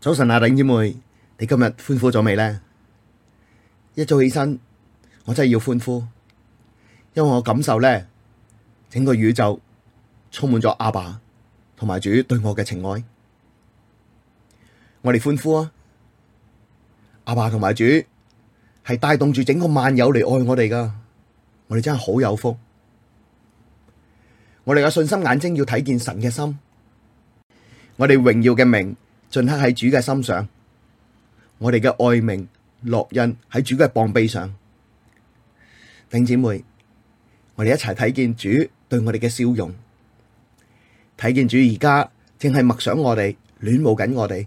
早晨啊，頂姐妹，你今日歡呼咗未咧？一早起身，我真係要歡呼，因為我感受咧，整個宇宙充滿咗阿爸同埋主對我嘅情愛。我哋歡呼啊！阿爸同埋主係帶動住整個萬有嚟愛我哋噶，我哋真係好有福。我哋有信心眼睛要睇見神嘅心，我哋榮耀嘅名。鐫刻喺主嘅心上，我哋嘅愛名烙印喺主嘅膀臂上，弟兄姊妹，我哋一齊睇見主對我哋嘅笑容，睇見主而家正係默想我哋，戀慕緊我哋，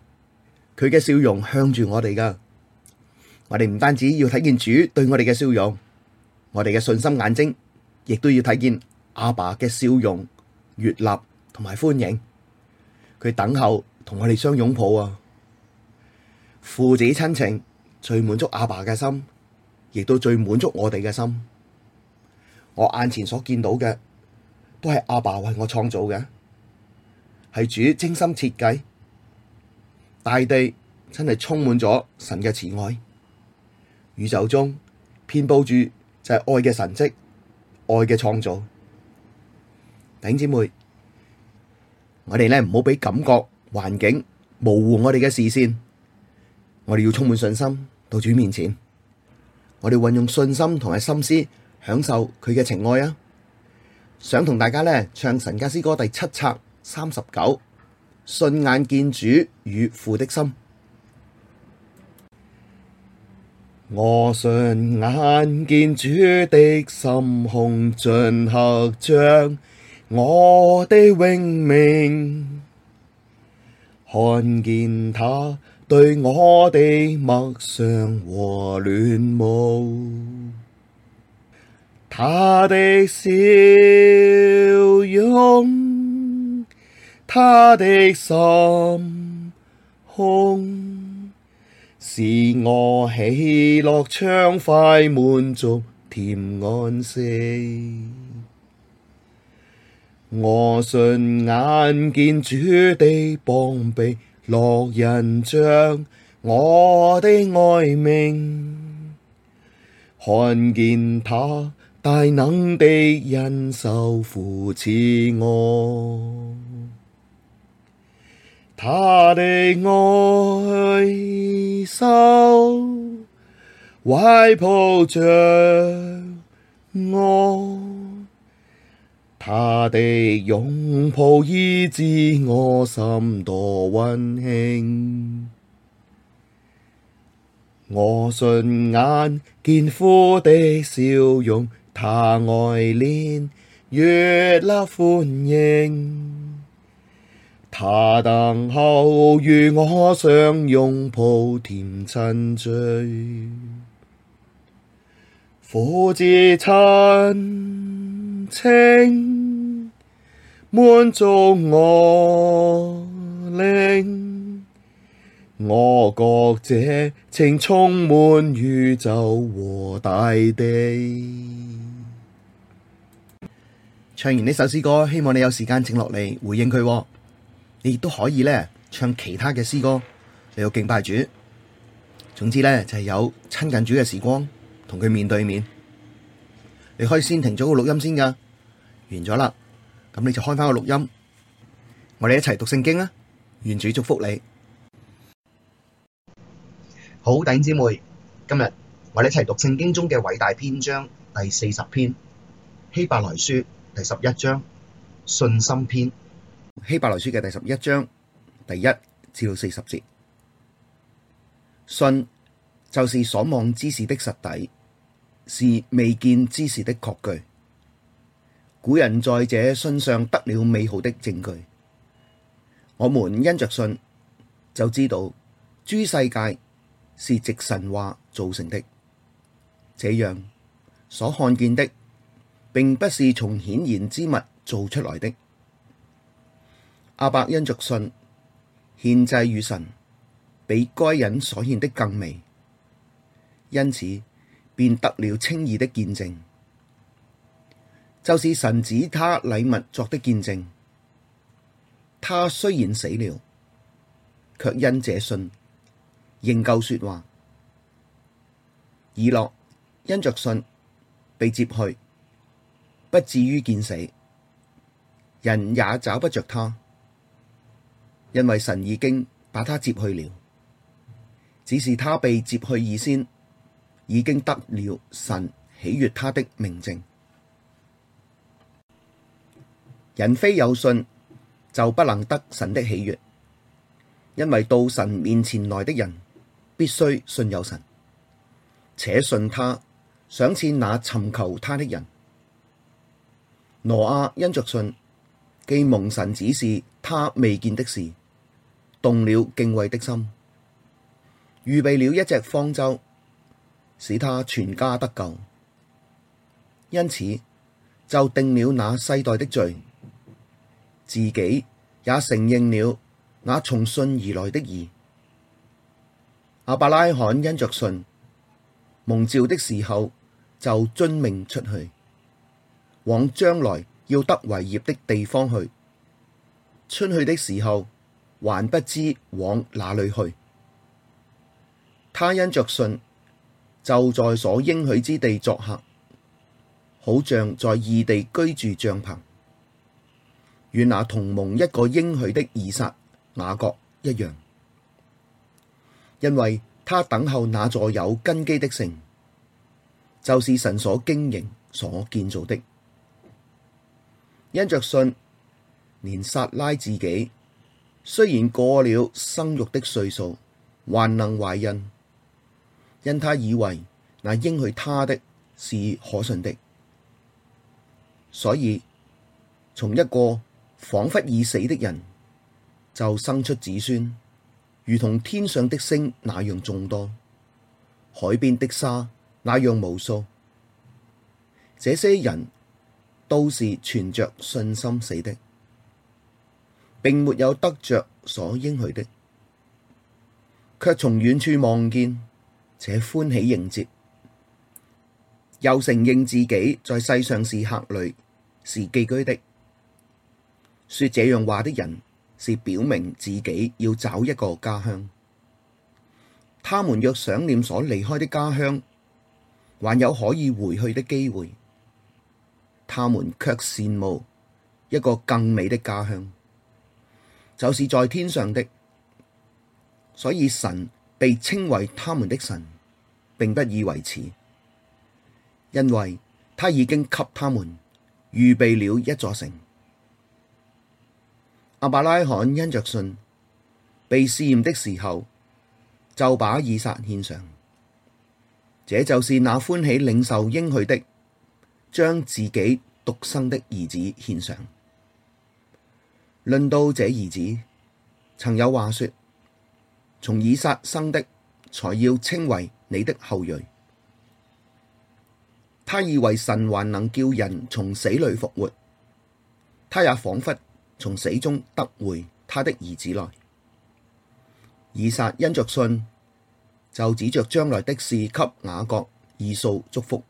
佢嘅笑容向住我哋噶。我哋唔單止要睇見主對我哋嘅笑容，我哋嘅信心眼睛亦都要睇見阿爸嘅笑容、悅納同埋歡迎，佢等候，同我哋相擁抱啊！父子親情最滿足阿爸嘅心，亦都最滿足我哋嘅心。我眼前所見到嘅，都係阿爸為我創造嘅，係主精心設計。大地真係充滿咗神嘅慈愛，宇宙中遍佈住就係愛嘅神蹟，愛嘅創造。弟兄姊妹，我哋呢唔好俾感覺。環境模糊我哋嘅視線，我哋要充滿信心到主面前，我哋運用信心同埋心思享受佢嘅情愛啊！想同大家呢唱《神家詩歌》第七冊三十九，信眼見主與父的心，我信眼見主的心胸，鐫刻著我的榮名。看見他對我哋默想和戀慕，他的笑容，他的心胸，使我喜樂，暢快，滿足，甜安息。我信眼見主的膀臂，烙印著我的愛名，看見他大能的恩手扶持我，他的愛手懷抱着我。他的擁抱醫治我心，多溫馨，我信眼見父的笑容，他愛憐，悅納，歡迎，他等候與我相擁抱甜親咀，父子親。親情滿足我靈，我覺這情充滿宇宙和大地。唱完呢首詩歌，希望你有時間靜落嚟回應佢。你亦都可以咧唱其他嘅詩歌，你有敬拜主。總之咧就係有親近主嘅時光，同佢面對面。你可以先停咗個錄音先噶。完咗啦，咁你就開翻個錄音，我哋一齊讀聖經啊！願主祝福你。好，弟兄姊妹，今日我哋一齊讀聖經中嘅偉大篇章第四十篇希伯來書第十一章信心篇。希伯來書嘅第十一章第一至到四十節，信就是所望之事的實底，是未見之事的確據。古人在這信上得了美好的證據，我們因着信就知道諸世界是藉神話造成的，這樣所看見的並不是從顯然之物做出來的。亞伯因着信獻祭與神，比該隱所獻的更美，因此便得了稱義的見證。就是神指他禮物作的見證，他雖然死了，卻因這信仍舊說話。以諾因着信被接去，不至於見死，人也找不着他，因為神已經把他接去了。只是他被接去以先，已經得了神喜悅他的明證。人非有信就不能得神的喜悅，因為到神面前來的人必須信有神，且信他，賞賜那尋求他的人。挪亞因着信，既蒙神指示他未見的事，動了敬畏的心，預備了一隻方舟，使他全家得救。因此就定了那世代的罪。自己也承認了那從信而來的義。亞伯拉罕因着信，蒙召的時候就遵命出去，往將來要得為業的地方去。出去的時候，還不知往哪裏去，他因着信，就在所應許之地作客，好像在異地居住帳棚。與那同蒙一個應許的以撒、雅各一樣，因為他等候那座有根基的城，就是神所經營、所建造的。因着信，連撒拉自己雖然過了生育的歲數，還能懷孕，因他以為那應許他的是可信的，所以從一個彷彿已死的人就生出子孫，如同天上的星那樣眾多，海邊的沙那樣無數。這些人都是存着信心死的，並沒有得着所應許的，卻從遠處望見，且歡喜迎接，又承認自己在世上是客旅，是寄居的。說這樣話的人，是表明自己要找一個家鄉。他們若想念所離開的家鄉，還有可以回去的機會，他們卻羨慕一個更美的家鄉，就是在天上的。所以神被稱為他們的神，並不以為恥，因為他已經給他們預備了一座城。亞伯拉罕因着信被試驗的時候，就把以撒獻上。這就是那歡喜領受應許的，將自己獨生的兒子獻上。論到這兒子，曾有話說：從以撒生的，才要稱為你的後裔。他以為神還能叫人從死裏復活，他也仿佛。從死中得回他的兒子來。以撒因着信，就指着將來的事給雅各、以掃祝福。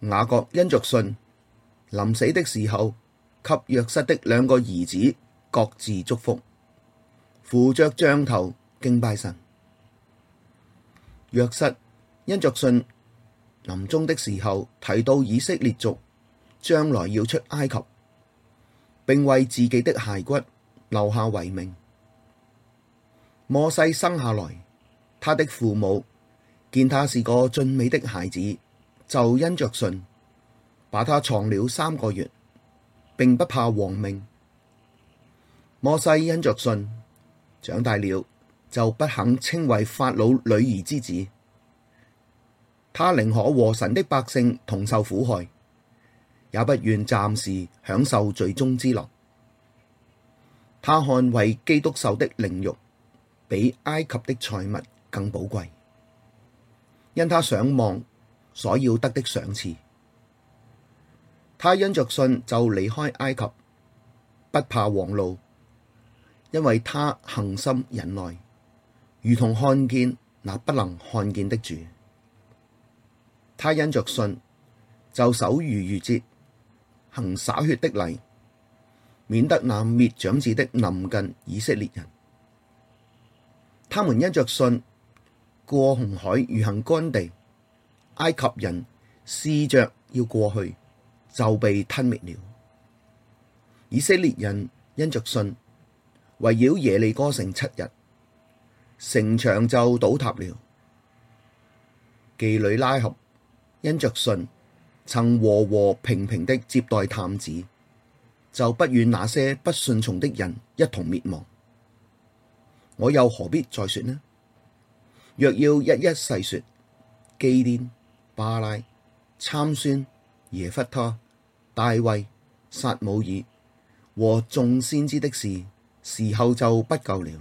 雅各因着信，臨死的時候，給約瑟的兩個兒子各自祝福，扶着杖頭敬拜神。約瑟因着信，臨終的時候，提到以色列族將來要出埃及。並為自己的骸骨留下遺命。摩西生下來，他的父母見他是個俊美的孩子，就因着信，把他藏了三個月，並不怕王命。摩西因着信，長大了就不肯稱為法老女兒之子，他寧可和神的百姓同受苦害。也不願暫時享受罪中之樂。他看為基督受的凌辱，比埃及的財物更寶貴，因他想望所要得的賞賜。他因着信就離開埃及，不怕王怒，因為他恒心忍耐，如同看見那不能看見的主。他因着信就守逾越節，行灑血的禮，曾和和平平的接待探子，就不與那些不順從的人一同滅亡。我又何必再說呢？若要一一細說，基甸、巴拉、參孫、耶弗他、大衛、撒母耳和眾先知的事，時候就不夠了。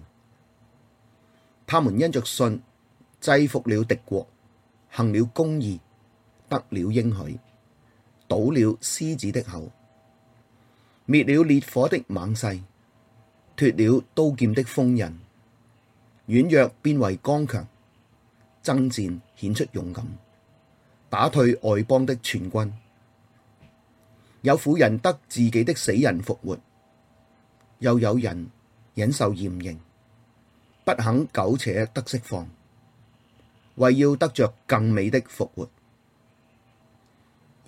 他們因着信，制伏了敵國，行了公義，得了應許。堵了獅子的口，滅了烈火的猛勢，脱了刀劍的鋒刃，軟弱變為剛強，爭戰顯出勇敢，打退外邦的全軍。有婦人得自己的死人復活，又有人忍受嚴刑，不肯苟且得釋放，為要得着更美的復活。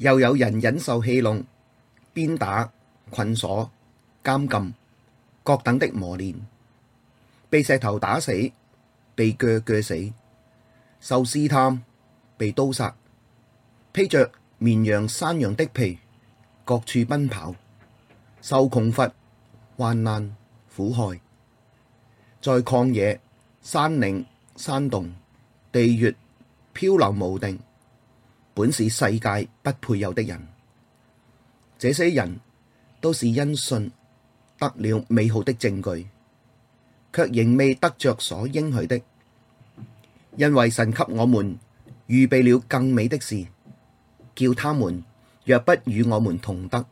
又有人忍受戲弄、鞭打、捆鎖、監禁、各等的磨練，被石頭打死，被鋸鋸死，受試探，被刀殺，披着綿羊、山羊的皮，各處奔跑，受窮乏、患難、苦害，在曠野、山嶺、山洞、地穴，漂流無定。本是世界不配有的人，這些人都是因信得了美好的證據，卻仍未得着所應許的，因為神給我們預備了更美的事，叫他們若不與我們同得，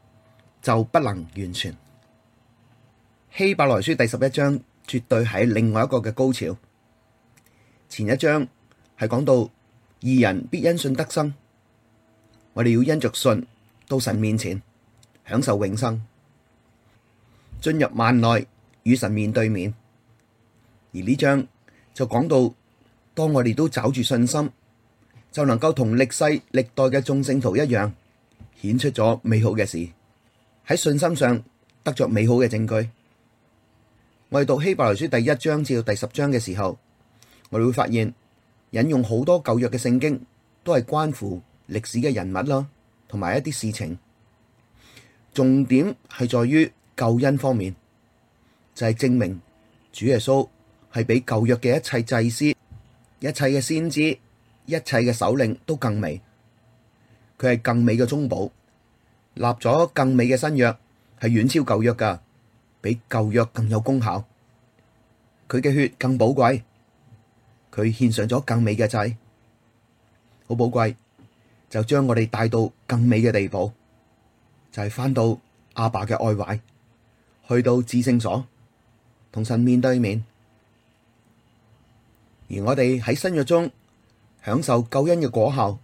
就不能完全。希伯來書第十一章絕對係另外一個嘅高潮，前一章係講到義人必因信得生。我哋要因着信到神面前享受永生，進入幔內與神面對面。而呢章就講到，當我哋都抓住信心，就能夠同歷世歷代嘅眾聖徒一樣，顯出咗美好嘅事，喺信心上得着美好嘅證據。我哋讀希伯來書第一章至到第十章嘅時候，我哋會發現引用好多舊約嘅聖經都係關乎。歷史嘅人物咯，同埋一啲事情，重點係在於救恩方面，就係、是、證明主耶穌係比舊約嘅一切祭司、一切嘅先知、一切嘅首領都更美，佢係更美嘅中保，立咗更美嘅新約，係遠超舊約噶，比舊約更有功效，佢嘅血更寶貴，佢獻上咗更美嘅祭，好寶貴。就將我哋帶到更美嘅地步，就係、是、翻到阿爸嘅愛懷，去到至聖所同神面對面。而我哋喺新約中享受救恩嘅果效，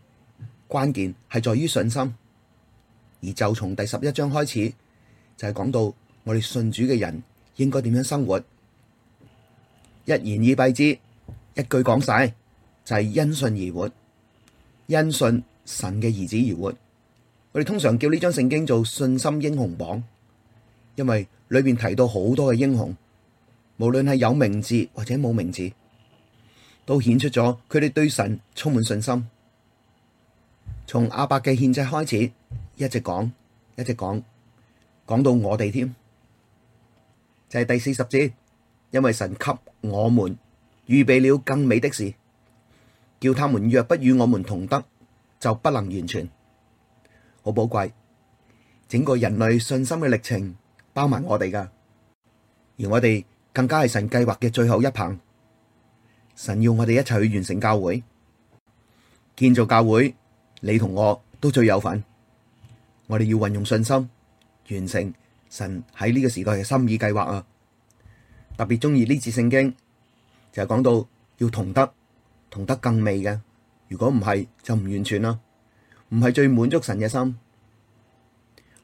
關鍵係在於信心。而就從第十一章開始，就係、是、講到我哋信主嘅人應該點樣生活。一言以蔽之，一句講晒，就係、是、因信而活，因信神嘅兒子而活，我哋通常叫呢張聖經做信心英雄榜，因為裏面提到好多嘅英雄，無論係有名字或者冇名字，都顯出咗佢哋對神充滿信心。從亞伯嘅獻祭開始，一直講一直講，講到我哋添，就係、是、第四十節，因為神給我們預備了更美的事，叫他們若不與我們同得。就不能完全，好寶貴，整個人類信心嘅歷程，包埋我哋噶，而我哋更加係神計劃嘅最後一棒，神要我哋一齊去完成教會，建造教會，你同我都最有份，我哋要運用信心，完成神喺呢個時代嘅心意計劃啊！特別中意呢次聖經，就係、是、講到要同得同得更美嘅。如果唔係，就唔完全啦，唔係最滿足神嘅心。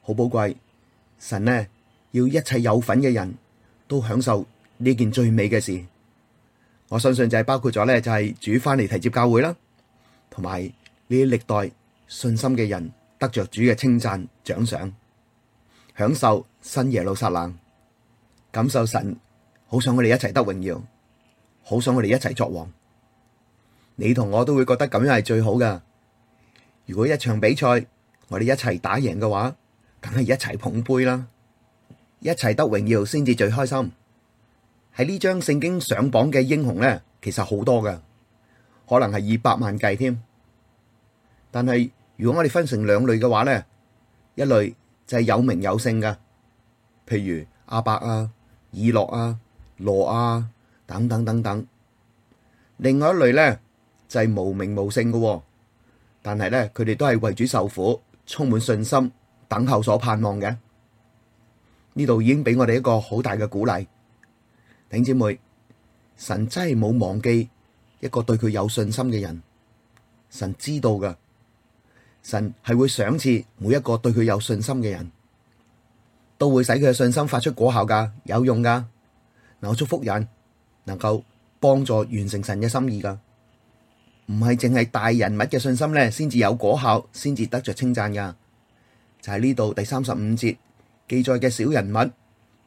好寶貴，神呢，要一切有份嘅人都享受呢件最美嘅事。我相信就係包括咗咧，就係主翻嚟提接教會啦，同埋呢啲歷代信心嘅人得着主嘅稱讚獎賞，享受新耶路撒冷，感受神好想我哋一齊得榮耀，好想我哋一齊作王。你同我都會覺得咁樣係最好噶。如果一場比賽，我哋一齊打贏嘅話，梗係一齊捧杯啦，一齊得榮耀先至最開心。喺呢張聖經上榜嘅英雄呢，其實好多噶可能係以百萬計添。但係如果我哋分成兩類嘅話呢，一類就係有名有姓嘅，譬如亞伯啊、以諾啊、羅啊等等等等。另外一類呢，就係無名無姓嘅，哦，但係咧，佢哋都係為主受苦，充滿信心，等候所盼望嘅。呢度已經俾我哋一個好大嘅鼓勵，頂姐妹，神真係冇忘記一個對佢有信心嘅人，神知道噶，神係會賞賜每一個對佢有信心嘅人，都會使佢嘅信心發出果效噶，有用噶。嗱，祝福人能夠幫助完成神嘅心意噶。唔係淨係大人物嘅信心咧，先至有果效，先至得着稱讚噶。就喺呢度第三十五節記載嘅小人物，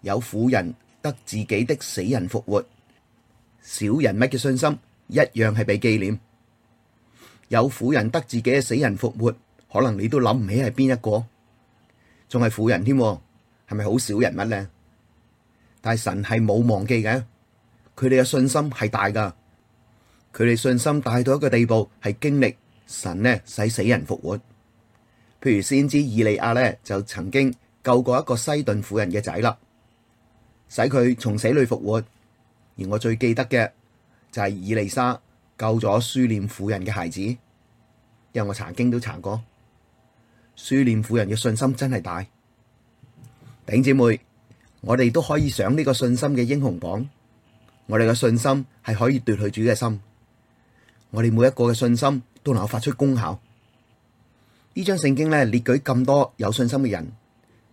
有婦人得自己的死人復活，小人物嘅信心一樣係被紀念。有婦人得自己嘅死人復活，可能你都諗唔起係邊一個，仲係婦人添、啊，係咪好少人物咧？但係神係冇忘記嘅，佢哋嘅信心係大噶。佢哋信心大到一個地步，係經歷神呢，使死人復活。譬如先知以利亞呢，就曾經救過一個西頓婦人嘅仔啦，使佢從死裡復活。而我最記得嘅就係以利沙救咗書念婦人嘅孩子，因為我曾經都查過，書念婦人嘅信心真係大。頂姐妹，我哋都可以上呢個信心嘅英雄榜。我哋嘅信心係可以奪去主嘅心。我哋每一個嘅信心都能夠發出功效。呢張聖經咧列舉咁多有信心嘅人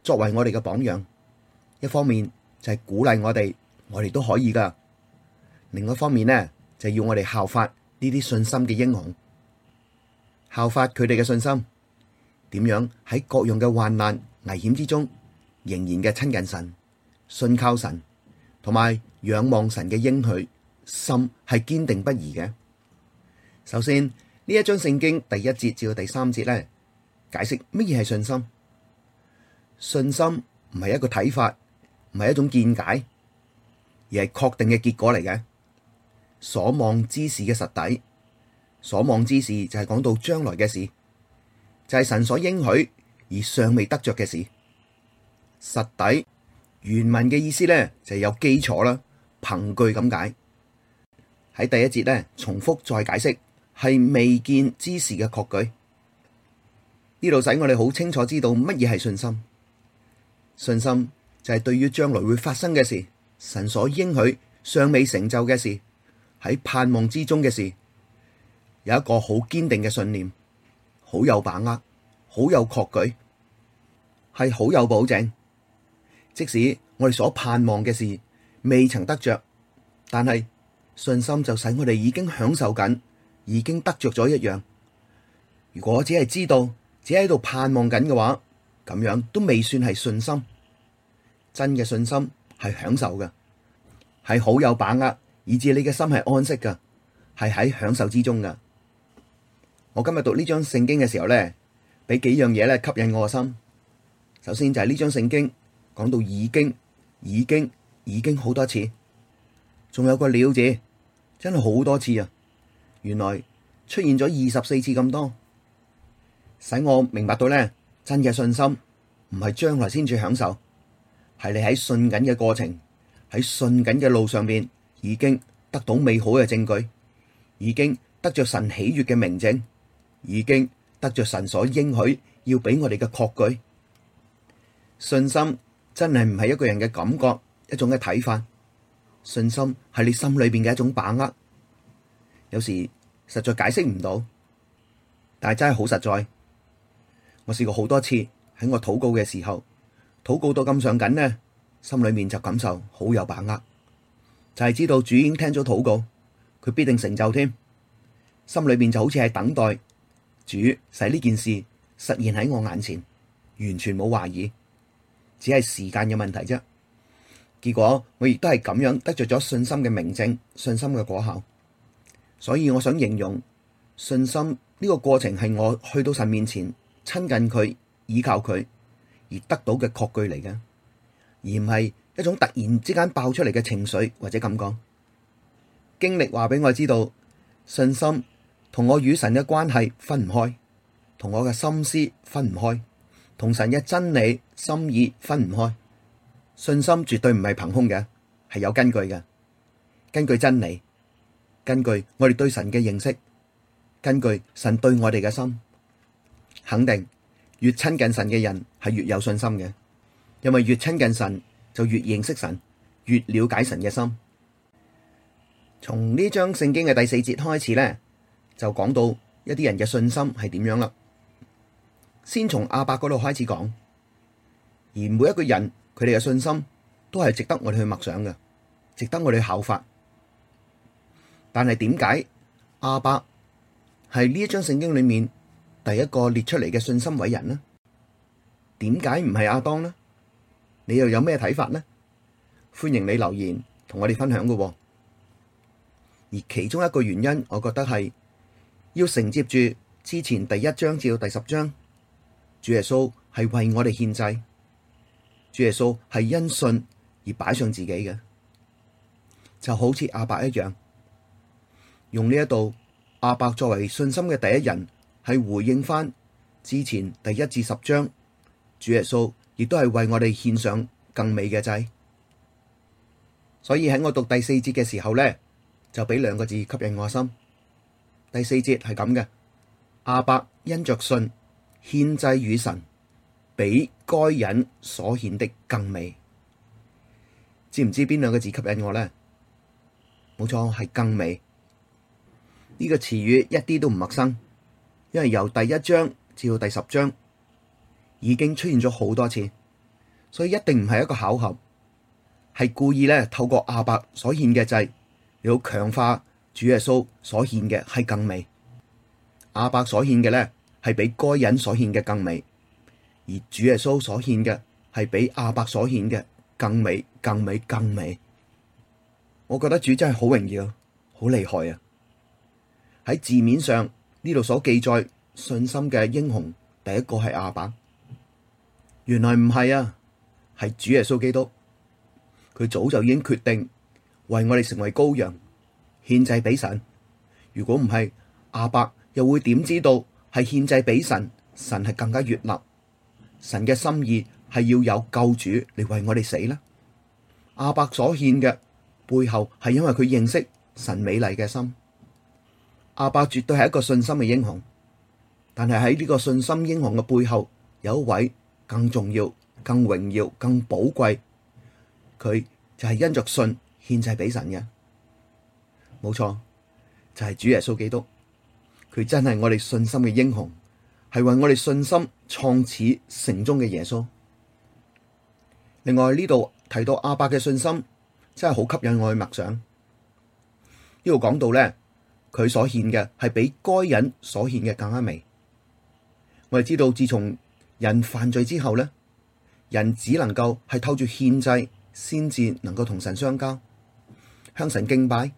作為我哋嘅榜樣，一方面就係鼓勵我哋，我哋都可以噶；另一方面咧就係要我哋效法呢啲信心嘅英雄，效法佢哋嘅信心，點樣喺各樣嘅患難危險之中，仍然嘅親近神、信靠神，同埋仰望神嘅應許，心係堅定不移嘅。首先，呢一章聖經第一節至到第三節咧，解釋乜嘢係信心。信心唔係一個睇法，唔係一種見解，而係確定嘅結果嚟嘅。所望之事嘅實底，所望之事就係講到將來嘅事，就係、是、神所應許而尚未得着嘅事。實底原文嘅意思咧就係、是、有基礎啦，憑據咁解。喺第一節咧重複再解釋。係未見之事嘅確據，呢度使我哋好清楚知道乜嘢係信心。信心就係對於將來會發生嘅事，神所應許尚未成就嘅事，喺盼望之中嘅事，有一個好堅定嘅信念，好有把握，好有確據，係好有保證。即使我哋所盼望嘅事未曾得着，但係信心就使我哋已經享受緊。已經得着咗一樣。如果我只係知道，只喺度盼望緊嘅話，咁樣都未算係信心。真嘅信心係享受嘅，係好有把握，以至你嘅心係安息嘅，係喺享受之中嘅。我今日讀呢張聖經嘅時候咧，俾幾樣嘢咧吸引我嘅心。首先就係呢張聖經講到已經、已經、已經好多次，仲有個了字，真係好多次啊！原來出現咗二十四次咁多，使我明白到呢，真嘅信心唔係將來先至享受，係你喺信緊嘅過程，喺信緊嘅路上邊已經得到美好嘅證據，已經得着神喜悅嘅明證，已經得着神所應許要俾我哋嘅確據。信心真係唔係一個人嘅感覺，一種嘅睇法，信心係你心裏邊嘅一種把握。有時實在解釋唔到，但係真係好實在。我試過好多次喺我禱告嘅時候，禱告到咁上緊呢，心裏面就感受好有把握，就係、是、知道主已經聽咗禱告，佢必定成就添。心裏面就好似係等待主使呢件事實現喺我眼前，完全冇懷疑，只係時間嘅問題啫。結果我亦都係咁樣得着咗信心嘅明證，信心嘅果效。所以我想形容信心呢個過程係我去到神面前親近佢倚靠佢而得到嘅確據嚟嘅，而唔係一種突然之間爆出嚟嘅情緒或者咁講。經歷話俾我知道，信心同我與神嘅關係分唔開，同我嘅心思分唔開，同神嘅真理心意分唔開。信心絕對唔係憑空嘅，係有根據嘅，根據真理。根據我哋對神嘅認識，根據神對我哋嘅心，肯定越親近神嘅人係越有信心嘅，因為越親近神就越認識神，越了解神嘅心。從呢章聖經嘅第四節開始咧，就講到一啲人嘅信心係點樣啦。先從亞伯嗰度開始講，而每一個人佢哋嘅信心都係值得我哋去默想嘅，值得我哋去效法。但係點解亞伯係呢一張聖經裏面第一個列出嚟嘅信心偉人呢？點解唔係亞當呢？你又有咩睇法呢？歡迎你留言同我哋分享㗎喎。而其中一個原因，我覺得係要承接住之前第一章至到第十章，主耶穌係為我哋獻祭，主耶穌係因信而擺上自己嘅，就好似亞伯一樣。用呢一度，亞伯作為信心嘅第一人，係回應翻之前第一至十章，主耶穌亦都係為我哋獻上更美嘅祭。所以喺我讀第四節嘅時候咧，就俾兩個字吸引我心。第四節係咁嘅，亞伯因着信獻祭與神，比該隱所獻的更美。知唔知邊兩個字吸引我咧？冇錯，係更美。呢個詞語一啲都唔陌生，因為由第一章至到第十章已經出現咗好多次，所以一定唔係一個巧合，係故意咧，透過亞伯所獻嘅祭要強化主耶穌所獻嘅係更美。亞伯所獻嘅咧，係比該隱所獻嘅更美，而主耶穌所獻嘅係比亞伯所獻嘅更美、更美、更美。我覺得主真係好榮耀，好厲害啊！喺字面上呢度所記載信心嘅英雄，第一個係阿伯，原來唔係啊，係主耶穌基督。佢早就已經決定為我哋成為羔羊，獻祭俾神。如果唔係阿伯，又會點知道係獻祭俾神？神係更加悅納。神嘅心意係要有救主嚟為我哋死呢？阿伯所獻嘅背後係因為佢認識神美麗嘅心。阿伯絕對係一個信心嘅英雄，但係喺呢個信心英雄嘅背後，有一位更重要、更榮耀、更寶貴，佢就係因着信獻祭俾神嘅。冇錯，就係、是、主耶穌基督，佢真係我哋信心嘅英雄，係為我哋信心創始成終嘅耶穌。另外呢度提到亞伯嘅信心真係好吸引我去默想，呢度講到咧。佢所獻嘅係比該隱所獻嘅更加美。我哋知道，自從人犯罪之後咧，人只能夠係透住獻祭先至能夠同神相交，向神敬拜。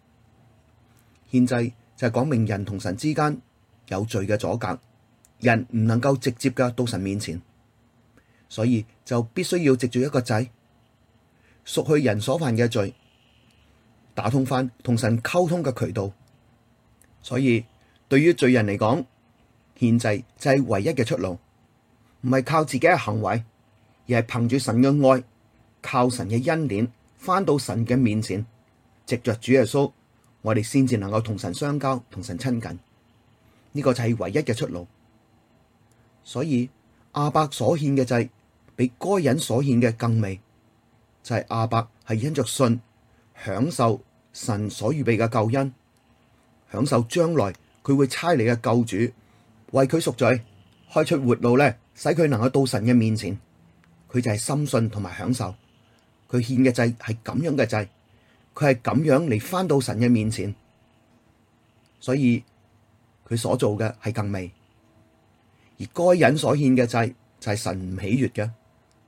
獻祭就係講明人同神之間有罪嘅阻隔，人唔能夠直接嘅到神面前，所以就必須要藉住一個祭，贖去人所犯嘅罪，打通返同神溝通嘅渠道。所以，對於罪人嚟講，獻祭就係唯一嘅出路，唔係靠自己嘅行為，而係憑住神嘅愛，靠神嘅恩典，返到神嘅面前，藉着主耶穌，我哋先至能夠同神相交，同神親近。呢、這個就係唯一嘅出路。所以，亞伯所獻嘅祭比該隱所獻嘅更美，就係、是、亞伯係因着信享受神所預備嘅救恩。享受將來佢會差嚟嘅救主為佢贖罪，開出活路咧，使佢能夠到神嘅面前。佢就係深信同埋享受，佢獻嘅祭係咁樣嘅祭，佢係咁樣嚟翻到神嘅面前。所以佢所做嘅係更美，而該人所獻嘅祭就係神唔喜悦嘅。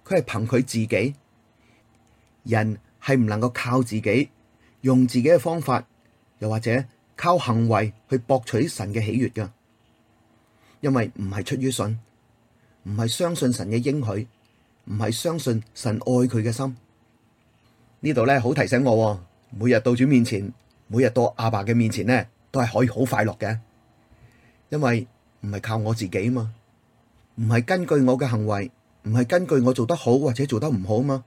佢係憑佢自己，人係唔能夠靠自己用自己嘅方法，又或者。靠行為去博取神嘅喜悅噶因為唔係出於信，唔係相信神嘅應許，唔係相信神愛佢嘅心。呢度咧好提醒我，每日到主面前，每日到阿爸嘅面前咧，都係可以好快樂嘅，因為唔係靠我自己啊嘛，唔係根據我嘅行為，唔係根據我做得好或者做得唔好啊嘛，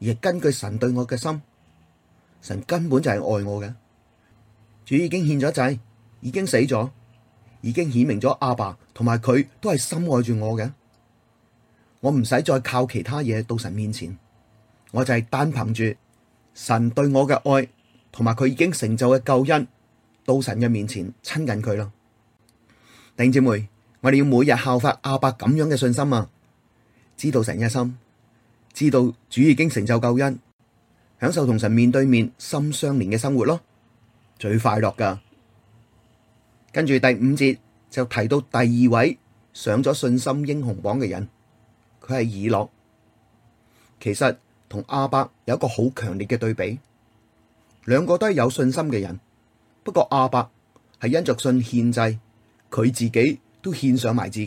而係根據神對我嘅心，神根本就係愛我嘅。主已經獻咗祭，已經死咗，已經顯明咗阿爸同埋佢都係深愛住我嘅，我唔使再靠其他嘢到神面前，我就係單憑住神對我嘅愛同埋佢已經成就嘅救恩到神嘅面前親近佢啦。弟兄姐妹，我哋要每日效法阿爸咁樣嘅信心啊，知道神嘅心，知道主已經成就救恩，享受同神面對面心相連嘅生活咯。最快樂噶，跟住第五節就提到第二位上咗信心英雄榜嘅人，佢係以諾。其實同亞伯有一個好強烈嘅對比，兩個都係有信心嘅人。不過亞伯係因着信獻祭，佢自己都獻上埋自己，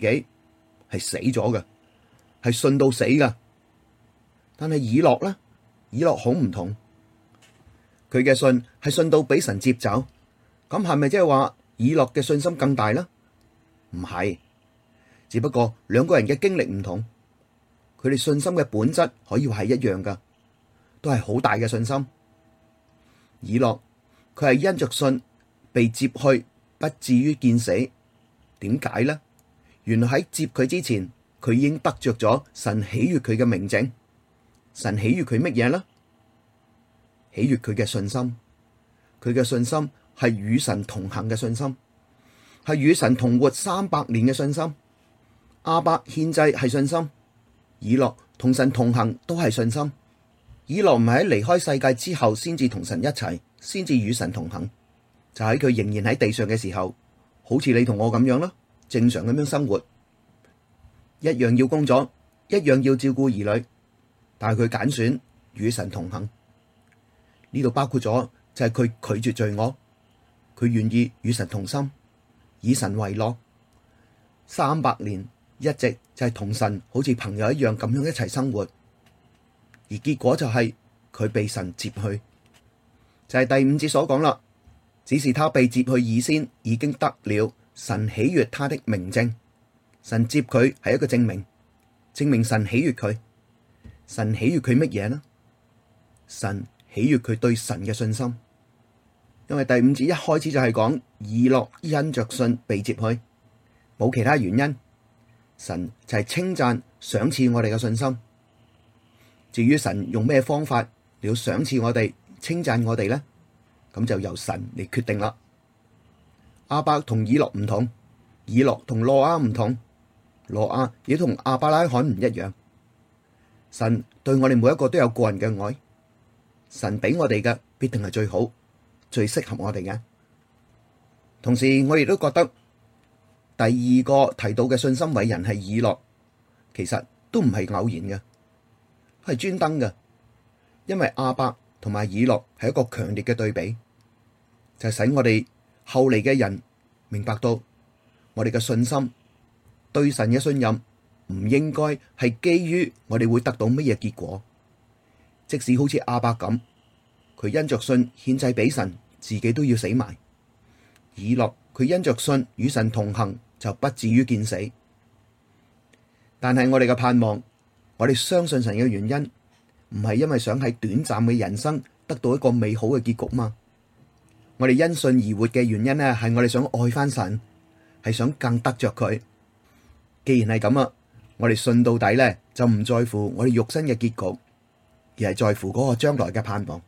係死咗嘅，係信到死噶。但係以諾咧，以諾好唔同。佢嘅信係信到俾神接走，咁係咪即係話以諾嘅信心更大咧？唔係，只不過兩個人嘅經歷唔同，佢哋信心嘅本質可以話係一樣噶，都係好大嘅信心。以諾佢係因着信被接去，不至於見死。點解咧？原來喺接佢之前，佢已經得着咗神喜悅佢嘅明證。神喜悅佢乜嘢咧？喜悅佢嘅信心，佢嘅信心係與神同行嘅信心，係與神同活三百年嘅信心。亞伯獻祭係信心，以諾同神同行都係信心。以諾唔係喺離開世界之後先至同神一齊，先至與神同行，就喺、是、佢仍然喺地上嘅時候，好似你同我咁樣咯，正常咁樣生活，一樣要工作，一樣要照顧兒女，但係佢揀選與神同行。呢度包括咗就係佢拒絕罪惡，佢願意與神同心，以神為樂，三百年一直就係同神好似朋友一樣咁樣一齊生活，而結果就係佢被神接去，就係第五節所講啦。只是他被接去以先，已經得了神喜悅他的明證，神接佢係一個證明，證明神喜悅佢。神喜悅佢乜嘢呢？神。喜悅佢對神嘅信心，因為第五節一開始就係講以諾因着信被接去，冇其他原因，神就係稱讚賞賜我哋嘅信心。至於神用咩方法嚟要賞賜我哋、稱讚我哋呢？咁就由神嚟決定啦。亞伯同以諾唔同，以諾同挪亞唔同，挪亞亦同亞伯拉罕唔一樣。神對我哋每一個都有個人嘅愛。神俾我哋嘅必定係最好、最適合我哋嘅。同時，我亦都覺得第二個提到嘅信心偉人係以諾，其實都唔係偶然嘅，係專登嘅。因為亞伯同埋以諾係一個強烈嘅對比，就係、是、使我哋後嚟嘅人明白到我哋嘅信心對神嘅信任唔應該係基於我哋會得到乜嘢結果。即使好似亞伯咁，佢因着信獻祭俾神，自己都要死埋；以諾佢因着信與神同行，就不至於見死。但係我哋嘅盼望，我哋相信神嘅原因，唔係因為想喺短暫嘅人生得到一個美好嘅結局嘛？我哋因信而活嘅原因咧，係我哋想愛翻神，係想更得着佢。既然係咁啊，我哋信到底咧，就唔在乎我哋肉身嘅結局。而係在乎嗰個將來嘅盼望。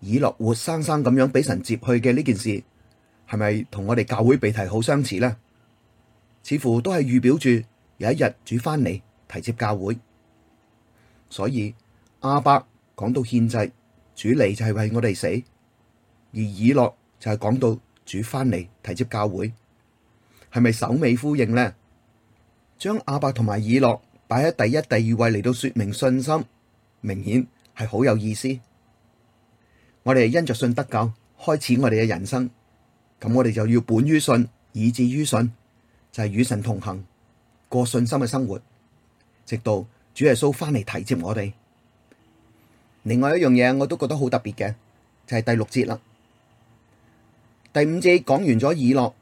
以諾活生生咁樣俾神接去嘅呢件事，係咪同我哋教會被提好相似呢？似乎都係預表住有一日主翻嚟，提接教會。所以阿伯講到獻祭，主嚟就係為我哋死；而以諾就係講到主翻嚟，提接教會，係咪首尾呼應呢？將阿伯同埋以諾擺喺第一、第二位嚟到說明信心。明顯係好有意思，我哋因着信得救，開始我哋嘅人生，咁我哋就要本於信，以致於信，就係、是、與神同行，過信心嘅生活，直到主耶穌翻嚟提接我哋。另外一樣嘢我都覺得好特別嘅，就係、是、第六節啦。第五節講完咗以諾，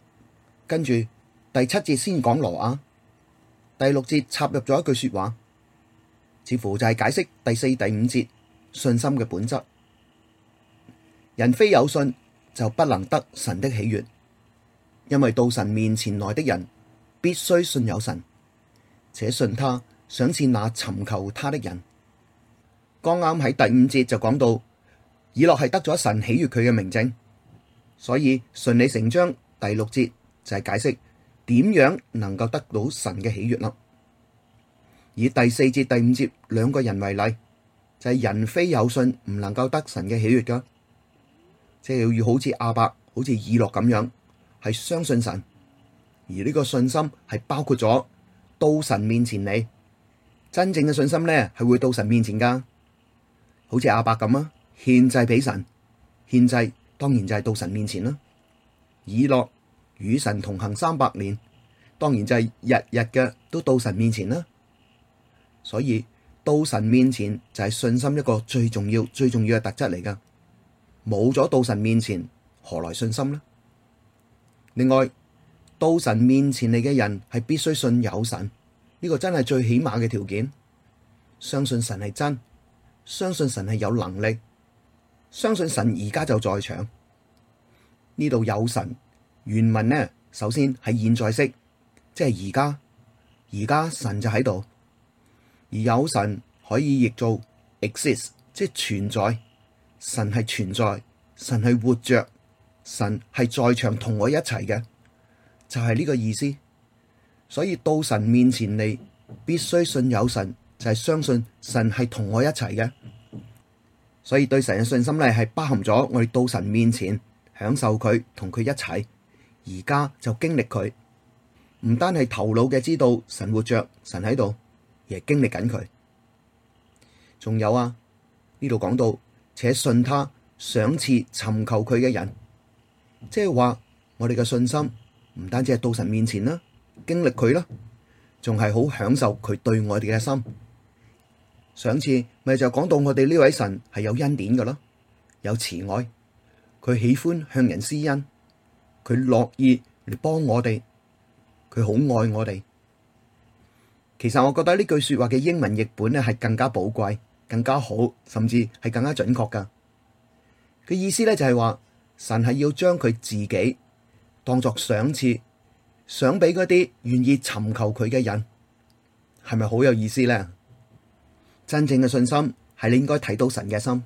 跟住第七節先講挪亞，第六節插入咗一句說話。似乎就係解釋第四、第五節信心嘅本質。人非有信，就不能得神的喜悅，因為到神面前來的人必須信有神，且信他，賞賜那尋求他的人。剛啱喺第五節就講到，以諾係得咗神喜悅佢嘅明證，所以順理成章，第六節就係、是、解釋點樣能夠得到神嘅喜悅啦。以第四節第五節兩個人為例，就係、是、人非有信唔能夠得神嘅喜悅噶，即係要好似亞伯，好似以諾咁樣，係相信神。而呢個信心係包括咗到神面前你真正嘅信心咧，係會到神面前噶，好似亞伯咁啊，獻祭俾神獻祭，當然就係到神面前啦。以諾與神同行三百年，當然就係日日嘅都到神面前啦。所以到神面前就係信心一個最重要、最重要嘅特質嚟噶。冇咗到神面前，何來信心呢？另外，到神面前嚟嘅人係必須信有神，呢個真係最起碼嘅條件。相信神係真，相信神係有能力，相信神而家就在場。呢度有神，原文呢，首先係現在式，即係而家，而家神就喺度。而有神可以譯做 exist，即係存在。神係存在，神係活着，神係在場同我一齊嘅，就係呢個意思。所以到神面前嚟，必須信有神，就係相信神係同我一齊嘅。所以對神嘅信心咧，係包含咗我哋到神面前享受佢同佢一齊。而家就經歷佢，唔單係頭腦嘅知道神活着，神喺度。亦係經歷緊佢，仲有啊，呢度講到，且信他賞賜尋求佢嘅人，即係話我哋嘅信心唔單止係到神面前啦，經歷佢啦，仲係好享受佢對我哋嘅心。上次咪就講到我哋呢位神係有恩典嘅咯，有慈愛，佢喜歡向人施恩，佢樂意嚟幫我哋，佢好愛我哋。其實我覺得呢句說話嘅英文譯本呢係更加寶貴、更加好，甚至係更加準確噶。佢意思呢就係話，神係要將佢自己當作賞賜，想俾嗰啲願意尋求佢嘅人，係咪好有意思呢？真正嘅信心係你應該睇到神嘅心，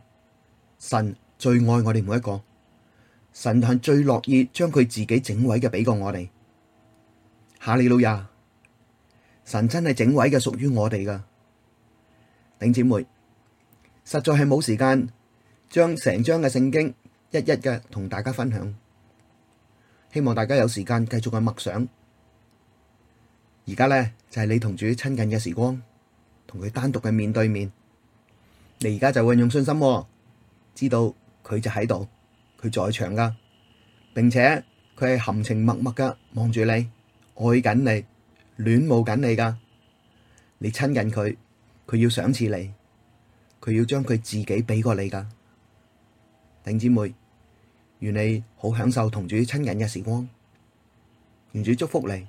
神最愛我哋每一個，神係最樂意將佢自己整位嘅俾過我哋。哈利路亞。神真係整位嘅，屬於我哋噶頂姐妹，實在係冇時間將成章嘅聖經，一一嘅同大家分享。希望大家有時間繼續去默想。而家咧就係、是、你同主親近嘅時光，同佢單獨嘅面對面。你而家就運用信心、哦，知道佢就喺度，佢在場噶，並且佢係含情脈脈嘅望住你，愛緊你。戀慕緊你㗎，你親近佢，佢要賞賜你，佢要將佢自己畀過你㗎。弟兄姊妹，願你好享受同主親近嘅時光，願主祝福你。